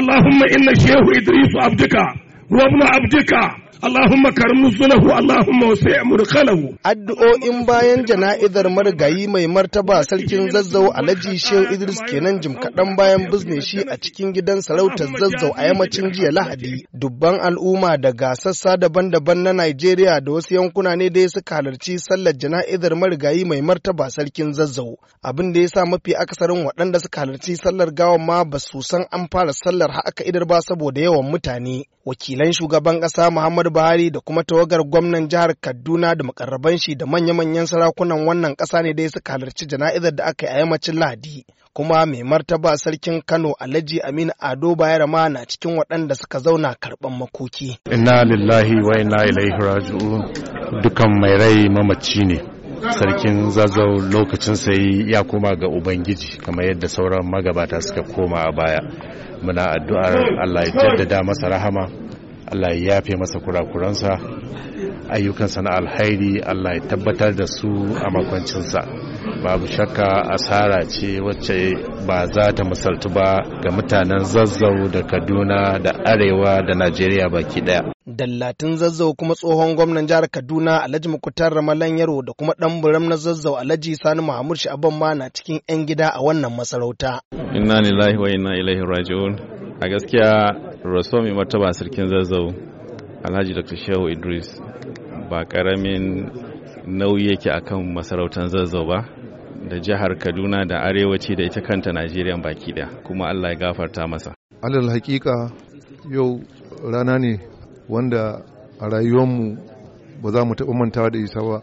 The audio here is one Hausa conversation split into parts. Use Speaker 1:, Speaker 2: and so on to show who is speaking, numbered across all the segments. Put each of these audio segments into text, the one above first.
Speaker 1: اللهم إن الشيخ إدريس عبدك وابن عبدك Allahumma karim nuzulahu Allahumma wasi' mudkhalahu addu'o'in bayan jana'izar marigayi mai martaba sarkin zazzau Alhaji Shehu Idris kenan jim kaɗan bayan bizne shi a cikin gidan sarautar zazzau a yammacin jiya Lahadi dubban al'umma daga sassa daban-daban na Najeriya da wasu yankuna ne ya suka halarci sallar jana'izar marigayi mai martaba sarkin zazzau abin da ya sa mafi akasarin waɗanda suka halarci sallar gawan ma ba su san an fara sallar har idar ba saboda yawan mutane wakilan shugaban ƙasa Muhammadu Buhari da kuma tawagar gwamnan jihar Kaduna da makarraban shi da manya-manyan sarakunan wannan ƙasa ne dai suka halarci jana'izar da aka yi a yammacin Lahadi. Kuma mai martaba sarkin Kano Alhaji Aminu Ado bayarama na cikin waɗanda suka zauna karɓan makoki. Inna lillahi wa inna ilaihi raji'un dukan mai rai mamaci ne. sarkin zazzau lokacin sai ya koma ga ubangiji kamar yadda sauran magabata suka koma a baya muna addu'ar allah ya jaddada masa rahama Allah ya yafe masa kurakuransa ayyukansa na alhairi Allah ya tabbatar da su a makwancinsa babu shakka asara ce wacce ba za ta misaltu ba ga mutanen zazzau da kaduna da arewa da najeriya baki daya dallatin zazzau kuma tsohon gwamnan jihar kaduna alhaji mukutar ramalan yaro da kuma dan buram na zazzau alhaji sani muhammad shi ma na cikin yan gida a wannan masarauta inna lillahi wa inna ilaihi raji'un a gaskiya rasuwa mai martaba sarkin zazzau alhaji dr shehu idris ba karamin nauyi yake kan masarautar zazzau ba da jihar kaduna da arewaci da ita kanta najeriya baki daya kuma allah ya gafarta masa
Speaker 2: alal hakika yau rana ne wanda a rayuwarmu ba za mu taɓa mantawa da isa ba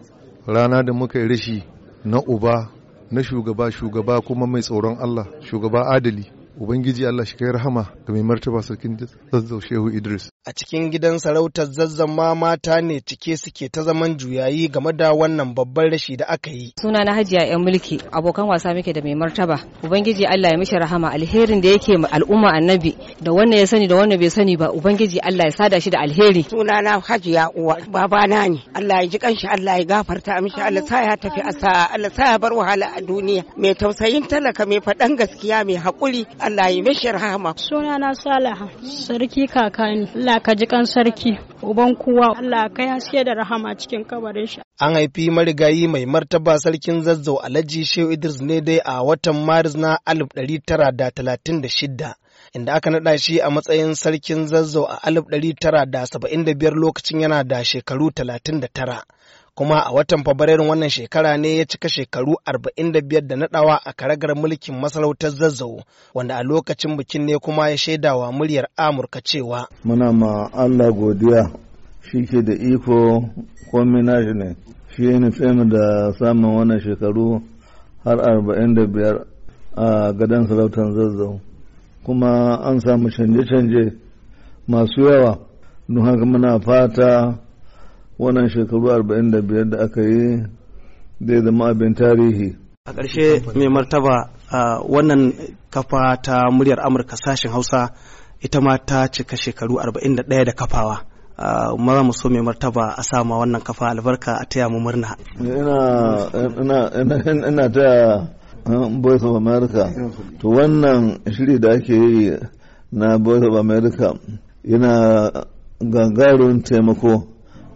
Speaker 2: rana da muka yi rashi na uba na shugaba shugaba kuma mai tsoron allah shugaba adali ubangiji Allah shi kai rahama ga mai martaba sarkin zazzau shehu Idris
Speaker 1: a cikin gidan sarautar zazzan ma mata ne cike suke ta zaman juyayi game da wannan babban rashi da aka yi. Suna na hajiya yan mulki abokan wasa muke da mai martaba ubangiji Allah ya mishi rahama alherin da yake ma al'umma annabi da wannan ya sani da wannan bai sani ba ubangiji Allah ya sada shi da alheri. Suna na hajiya uwa babana ne Allah ya ji kanshi Allah ya gafarta mishi Allah sa ya tafi asa Allah sa ya bar wahala a duniya mai tausayin talaka mai faɗan gaskiya mai haƙuri Allah ya mishi rahama. Suna na Salaha sarki kakani Allah ka ji kan sarki uban kowa Allah ka siya da rahama cikin kabarin shi an haifi marigayi mai martaba sarkin zazzau Alhaji Shehu Idris ne dai a watan Maris na 1936 inda aka naɗa shi a matsayin sarkin zazzau a 1975 lokacin yana da shekaru 39 kuma a watan fabrairun wannan shekara ne ya cika shekaru 45 da naɗawa a karagar mulkin masarautar zazzau wanda a lokacin bikin ne kuma ya wa muryar amurka cewa
Speaker 2: muna ma allah godiya shi ke da iko komi ne shi ya nufi da samun wannan shekaru har 45 a gadon sarautar zazzau kuma an samu canje-canje masu yawa don haka muna fata wannan shekaru 45 da aka yi zai zama abin tarihi a ƙarshe
Speaker 1: mai martaba wannan kafa ta muryar amurka sashen hausa ita ma ta cika shekaru 41 da kafawa maza mu so mai martaba a sama wannan kafa albarka a taya mu murna
Speaker 2: ina ta Boys of america to wannan shiri da ake yi na Boys of america yana gagarun taimako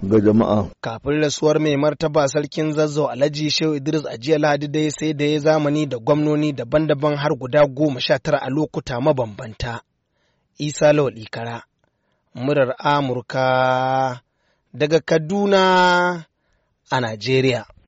Speaker 2: ga jama'a.
Speaker 1: Kafin rasuwar mai martaba sarkin zazzau Alhaji Shehu Idris a jiya Lahadi dai sai da ya zamani da gwamnoni daban-daban har guda goma sha tara a lokuta mabambanta. Isa Lawal Kara, murar Amurka daga Kaduna a Najeriya.